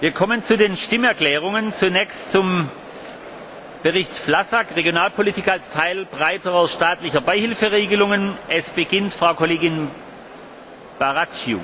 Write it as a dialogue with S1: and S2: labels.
S1: wir kommen zu den stimmerklärungen zunächst zum bericht vlask regionalpolitik als teil breiterer staatlicher beihilferegelungen. es beginnt frau kollegin barracchiou.